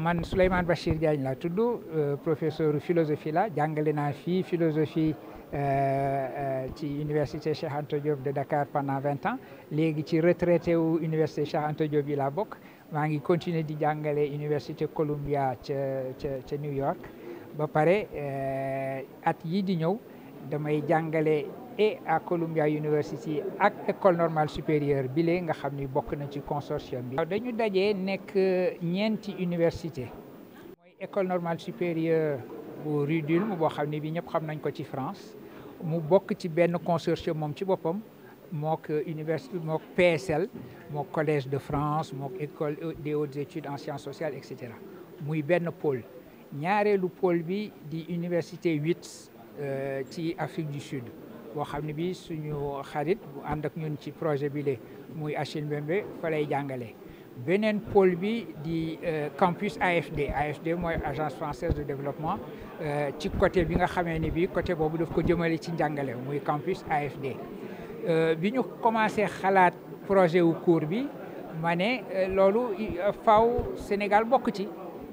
man Souleymane Bachir Diagne laa tudd euh, professeur philosophie la jàngale naa fii philosophie euh, euh, ci université Cheikh Anta Diop de Dakar pendant vingt ans léegi ci retraité wu université Cheikh Anta Diop yi bokk maa ngi continuer di jàngale université Columbia ca ca ca New York ba pare at yii di ñëw. damay jàngale et à Columbia University ak école normale supérieure bi lee nga xam ni bokk nañ ci consortium bi. waaw dañu daje nekk ñeenti université mooy école normale supérieure bu Rue d'Ulm boo xam ne bi ñëpp xam nañ ko ci France mu bokk ci benn consortium moom ci boppam. mook université mook PSL mook collège de France mook école de hautes études en sciences sociales et muy benn pôle ñaareelu pôle Euh, ci Afrique du Sud boo xam ne bi suñu xarit bu ànd ak ñun ci projet bi le muy Achille Mbembe fa jàngale beneen pôle bi di euh, campus AFD AFD mooy agence française de développement euh, ci côté bi nga xamee ne bi côté boobu daf ko jëmale ci njàngale muy campus AFD bi ñu commencé xalaat projet wu cours bi ma ne loolu faw Sénégal bokk ci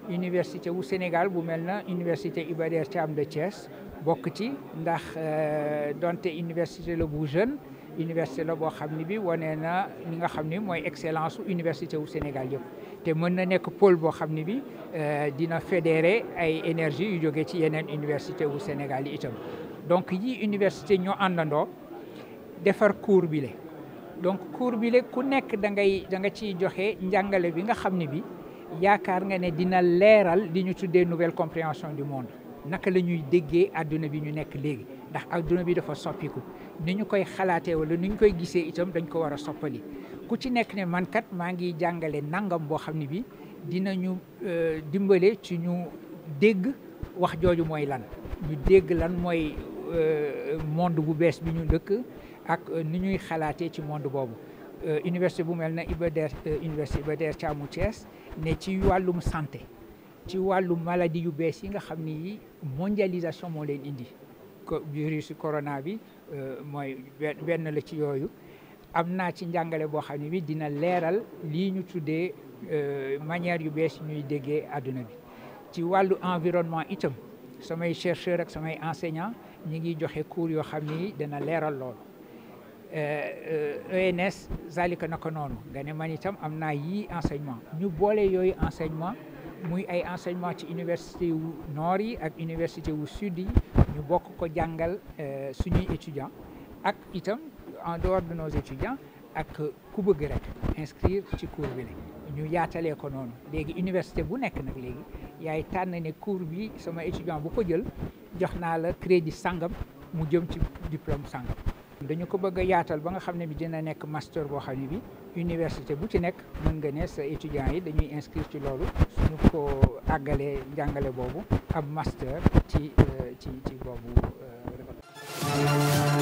université wu Sénégal bu mel na université Iba ci am de Thiès bokk ci ndax euh, donte université la bu jeune université la boo xam ne bi wane na ñi nga xam ne mooy excellence université wu Sénégal yëpp te mën na nekk pôle boo xam ne bi euh, dina fédérer ay énergie yu jóge ci yeneen université wu Sénégal yi itam donc yi université ñoo àndandoo defar cours bi donc cours bi le ku nekk da ngay da nga ciy joxe njàngale bi nga xam ne bi yaakaar nga ne dina leeral li ñu tuddee nouvelle compréhension du monde naka la ñuy déggee àdduna bi ñu nekk léegi ndax àdduna bi dafa soppiku ni ñu koy xalaatee wala ni ñu koy gisee itam dañ ko war a soppali ku ci nekk ne mankat maa ngi jàngale nangam boo xam ne bi dinañu euh, dimbale ci ñu dégg wax jooju mooy lan ñu dégg lan mooy euh, monde bu bees bi ñu dëkk ak euh, ni ñuy xalaatee ci monde boobu université bu mel na Iba Der université Iba Der Thiam Thiès ne ci wàllum santé ci wàllu maladie yu bees yi nga xam ni mondialisation moo leen indi ko virus corona bi euh, mooy benn la ci yooyu am naa ci njàngale boo xam ne bi dina leeral lii ñu tuddee euh, manière yu bees ñuy déggee àdduna bi ci wàllu environnement itam samay chercheur ak samay enseignant ñi ngi joxe cours yoo xam ni dana leeral loolu ENS euh, e zalika naka noonu nga am naa yii enseignement ñu boole yooyu enseignement muy ay enseignement ci université wu noor yi ak université wu sud yi ñu bokk ko jàngal euh, suñuy étudiants ak itam en dehors de nos étudiants ak ku bëgg rek inscrire ci cours bi ne ñu yaatalee ko noonu léegi université bu nekk nag léegi yaay tànn ne cours bi sama étudiant bu ko jël jox naa la crédit sangam mu jëm ci diplôme sangam dañu ko bëgg a yaatal ba nga xam ne bi dina nekk master boo xam ne bi université bu ci nekk mën nga ne sa étudiants yi dañuy inscrire ci loolu suñu ko àggalee njàngale boobu ab master ci euh, ci ci boobu euh,